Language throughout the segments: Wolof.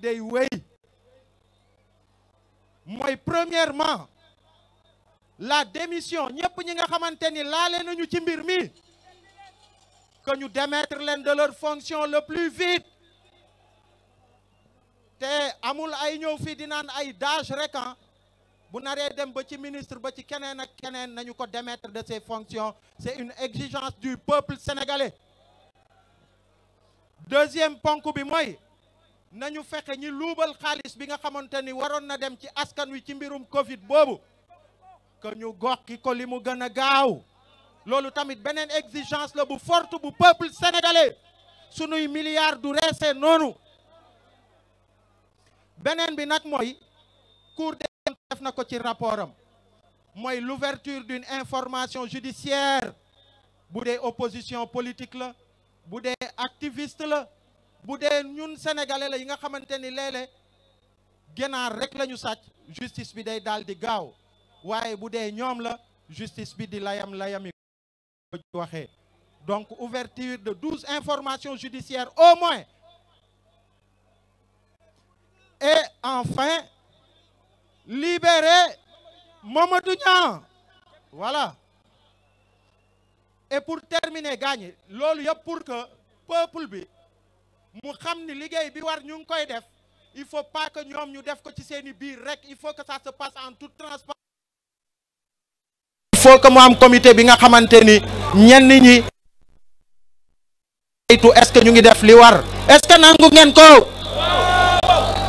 de wéy Moi, premièrement la démission nous ñi nga que ni laale nañu ci mbir que ñu démettre leen de leurs fonctions le plus vite Et amul ay ñeu fi di naan ay dage rek ah. bu dem ba ci ministre ba ci kenen ak nañu ko démettre de ses fonctions c'est une exigence du peuple sénégalais deuxième ponku bi moy nañu fexé ñi loubal bi nga na dem ci askan wi ci mbirum Covid ñu ko gaaw tamit exigence bu forte bu peuple sénégalais suñuy milliards du bi cour def ci l'ouverture d'une information judiciaire bu oppositions opposition politique la bu activiste la bu nous ñun sénégalais nous nga nous ni léeg-léeg ginaar rek la gao. justice bi day daal di gaaw la justice donc ouverture de 12 informations judiciaires au moins et enfin libérer Mamadou voilà et pour terminer gagner loolu pour que peuple mu xamni ni bi war ñu ngi koy def il faut pas que ñom ñu def ko ci seeni biir rek il faut que ça se passe en toute transparence il faut que mo am comité bi nga xamanteni ñen ñenn ñi saytu est-ce ñu ngi def li war est-ce nangu ngeen ko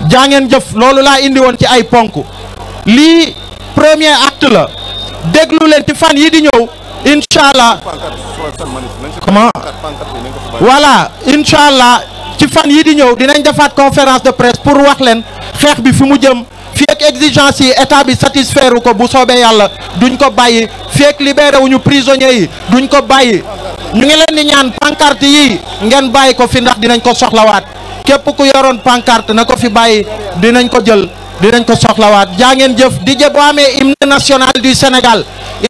ja ngeen jëf loolu la indi won ci ay ponku li premier acte la deglu len ci fan yi di ñew inshallah comment voilà inshallah fan yi di ñëw dinañ defaat conférence de presse pour wax leen xeex bi fi mu jëm fii ak exigence yi état bi satisfaire ko bu soobee yàlla duñ ko bàyyi fii ak libéré wuñu prisonniers yi duñ ko bàyyi ñu ngi leen di ñaan pancarte yi ngeen bàyyi ko fi ndax dinañ ko soxlawaat képp ku yoroon pancarte na ko fi bàyyi dinañ ko jël dinañ ko soxlawaat jaa ngeen jëf di jë boo amee hymne national du Sénégal